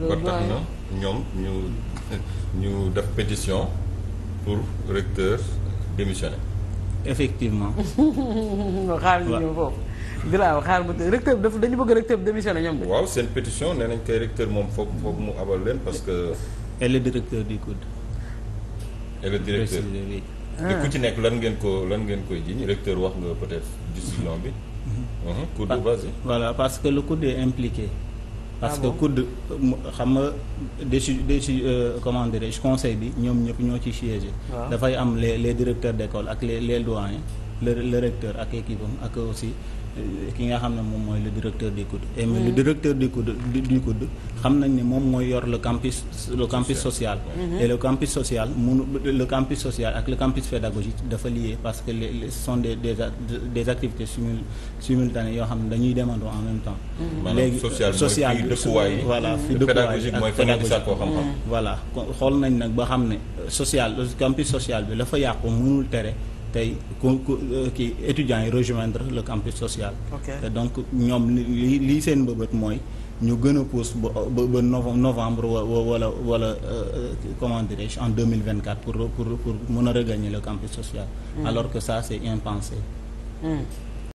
ba tax na ñoom ñu ñu def pétition pour recteur démissionner. effectivement. xaar ñu foofu. Biraaw xaar ba tey recteur dafa dañu bëgg recteur démissionner ñoom de. waaw seen pétition ne nañ koy recteur moom foog foog mu abal leen parce que. et le directeur du COUD. et le directeur te ku ah. ci nekk lan ngeen ko lan ngeen koy jiñ recteur wax nga peut-être décision bi. Mhm. Mhm. COUD vas-y. voilà parce que le COUD est impliqué. parce ah que COUD xam nga déci déci euh, comment dirais-je conseil bi ñoom ñëpp ñoo ci siégé ah. dafay am les les directeurs d'école ak les les doyens le le recteur ak équipe ak aussi euh, ki nga xam ne moom mooy le directeur du COUD et mais le directeur du COUD du COUD xam nañ ne moom mooy yor le campus le campus social mm-hmm. et le campus social munu le campus social ak le campus pédagogique dafa lié parce que les ce sont des des des activités yoo xam ne dañuy demandoo en même temps mm-hmm. léegi social voilà fi mm-hmm. dëkkuwaay ak pédagogique voilà xool nañ nag ba xam ne social campus social bi la fa yàqu mënul tere tey ku euh, kii étudiants yi rejoindre le campus social. te donc ñoom li lii seen mbëbët mooy ñu gën a pousse ba ba novembre wala wala euh, comment dirais-je en mille vingt quatre pour pour pour mën a regagner le campus social. Mm. alors que ça c'est impensé. Mm.